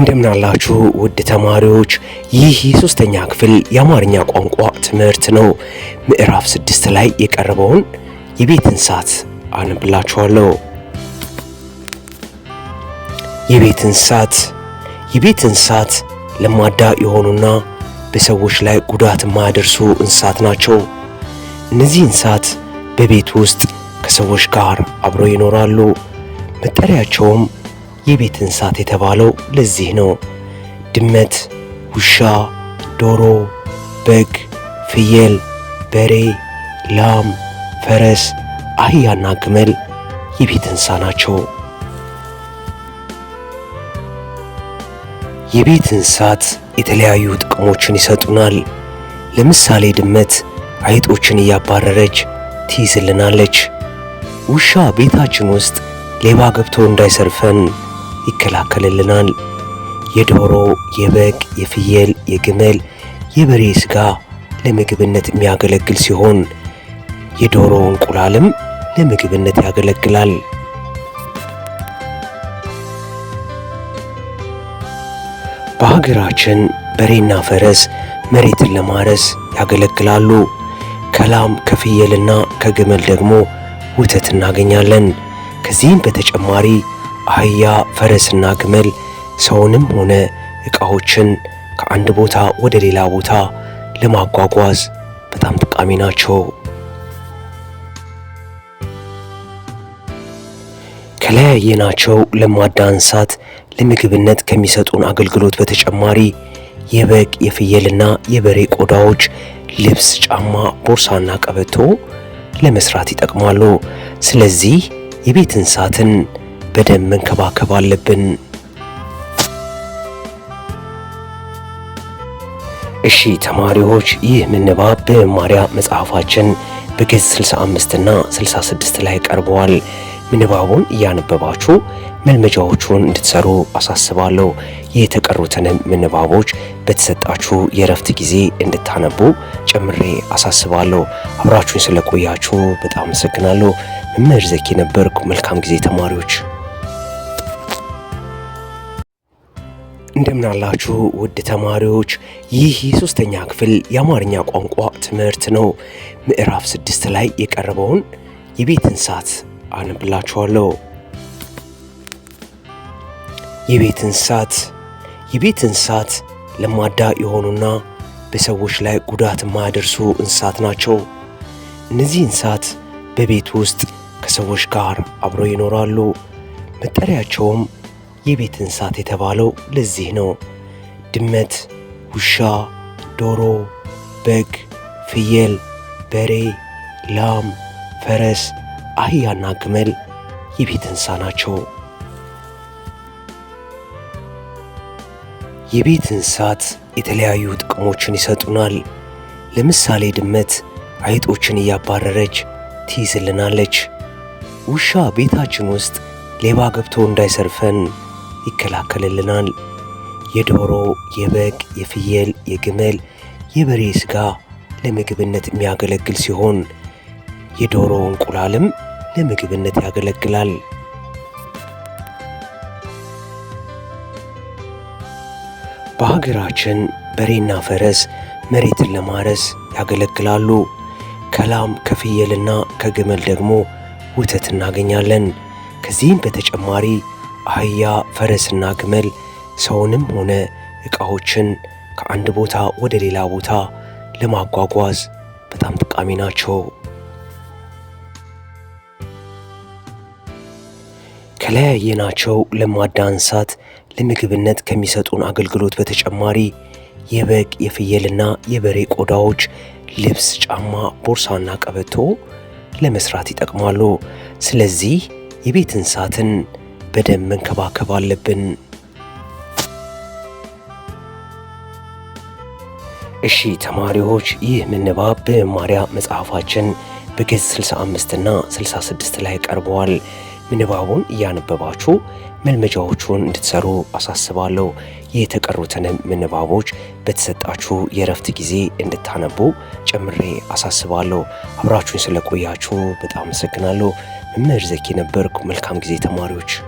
እንደምናላችሁ ውድ ተማሪዎች፣ ይህ የሶስተኛ ክፍል የአማርኛ ቋንቋ ትምህርት ነው። ምዕራፍ ስድስት ላይ የቀረበውን የቤት እንስሳት አነብላችኋለሁ። የቤት እንስሳት የቤት እንስሳት ለማዳ የሆኑና በሰዎች ላይ ጉዳት የማያደርሱ እንስሳት ናቸው። እነዚህ እንስሳት በቤት ውስጥ ከሰዎች ጋር አብረው ይኖራሉ። መጠሪያቸውም የቤት እንስሳት የተባለው ለዚህ ነው። ድመት፣ ውሻ፣ ዶሮ፣ በግ፣ ፍየል፣ በሬ፣ ላም፣ ፈረስ፣ አህያና ግመል የቤት እንስሳ ናቸው። የቤት እንስሳት የተለያዩ ጥቅሞችን ይሰጡናል። ለምሳሌ ድመት አይጦችን እያባረረች ትይዝልናለች። ውሻ ቤታችን ውስጥ ሌባ ገብቶ እንዳይሰርፈን ይከላከልልናል። የዶሮ፣ የበግ፣ የፍየል፣ የግመል፣ የበሬ ስጋ ለምግብነት የሚያገለግል ሲሆን የዶሮ እንቁላልም ለምግብነት ያገለግላል። በሀገራችን በሬና ፈረስ መሬትን ለማረስ ያገለግላሉ። ከላም ከፍየልና ከግመል ደግሞ ወተት እናገኛለን። ከዚህም በተጨማሪ አህያ፣ ፈረስና ግመል ሰውንም ሆነ ዕቃዎችን ከአንድ ቦታ ወደ ሌላ ቦታ ለማጓጓዝ በጣም ጠቃሚ ናቸው። ከላይ ያየናቸው ለማዳ እንስሳት ለምግብነት ከሚሰጡን አገልግሎት በተጨማሪ የበግ የፍየልና የበሬ ቆዳዎች ልብስ፣ ጫማ፣ ቦርሳና ቀበቶ ለመስራት ይጠቅማሉ። ስለዚህ የቤት እንስሳትን በደንብ መንከባከብ አለብን። እሺ ተማሪዎች ይህ ምንባብ በመማሪያ መጽሐፋችን በገጽ 65 እና 66 ላይ ቀርበዋል። ምንባቡን እያነበባችሁ መልመጃዎቹን እንድትሰሩ አሳስባለሁ። የተቀሩትንም ምንባቦች በተሰጣችሁ የእረፍት ጊዜ እንድታነቡ ጨምሬ አሳስባለሁ። አብራችሁን ስለቆያችሁ በጣም አመሰግናለሁ። መምህር ዘኪ ነበርኩ። መልካም ጊዜ ተማሪዎች። እንደምናላችሁ ውድ ተማሪዎች፣ ይህ የሶስተኛ ክፍል የአማርኛ ቋንቋ ትምህርት ነው። ምዕራፍ ስድስት ላይ የቀረበውን የቤት እንስሳት አነብላችኋለሁ። የቤት እንስሳት የቤት እንስሳት ለማዳ የሆኑና በሰዎች ላይ ጉዳት የማያደርሱ እንስሳት ናቸው። እነዚህ እንስሳት በቤት ውስጥ ከሰዎች ጋር አብረው ይኖራሉ። መጠሪያቸውም የቤት እንስሳት የተባለው ለዚህ ነው። ድመት፣ ውሻ፣ ዶሮ፣ በግ፣ ፍየል፣ በሬ፣ ላም፣ ፈረስ፣ አህያና ግመል የቤት እንስሳ ናቸው። የቤት እንስሳት የተለያዩ ጥቅሞችን ይሰጡናል። ለምሳሌ ድመት አይጦችን እያባረረች ትይዝልናለች። ውሻ ቤታችን ውስጥ ሌባ ገብቶ እንዳይሰርፈን ይከላከልልናል። የዶሮ፣ የበግ፣ የፍየል፣ የግመል፣ የበሬ ሥጋ ለምግብነት የሚያገለግል ሲሆን የዶሮ እንቁላልም ለምግብነት ያገለግላል። በሀገራችን በሬና ፈረስ መሬትን ለማረስ ያገለግላሉ። ከላም ከፍየልና ከግመል ደግሞ ወተት እናገኛለን። ከዚህም በተጨማሪ አህያ፣ ፈረስና ግመል ሰውንም ሆነ ዕቃዎችን ከአንድ ቦታ ወደ ሌላ ቦታ ለማጓጓዝ በጣም ጠቃሚ ናቸው። ከላይ ያየናቸው ለማዳ እንስሳት ለምግብነት ከሚሰጡን አገልግሎት በተጨማሪ የበግ የፍየልና የበሬ ቆዳዎች ልብስ፣ ጫማ፣ ቦርሳና ቀበቶ ለመስራት ይጠቅማሉ። ስለዚህ የቤት እንስሳትን በደንብ መንከባከብ አለብን። እሺ ተማሪዎች ይህ ምንባብ በመማሪያ መጽሐፋችን በገጽ 65 እና 66 ላይ ቀርበዋል። ምንባቡን እያነበባችሁ መልመጃዎቹን እንድትሰሩ አሳስባለሁ። የተቀሩትንም ምንባቦች በተሰጣችሁ የእረፍት ጊዜ እንድታነቡ ጨምሬ አሳስባለሁ። አብራችሁን ስለቆያችሁ በጣም አመሰግናለሁ። መምህር ዘኪ ነበርኩ። መልካም ጊዜ ተማሪዎች።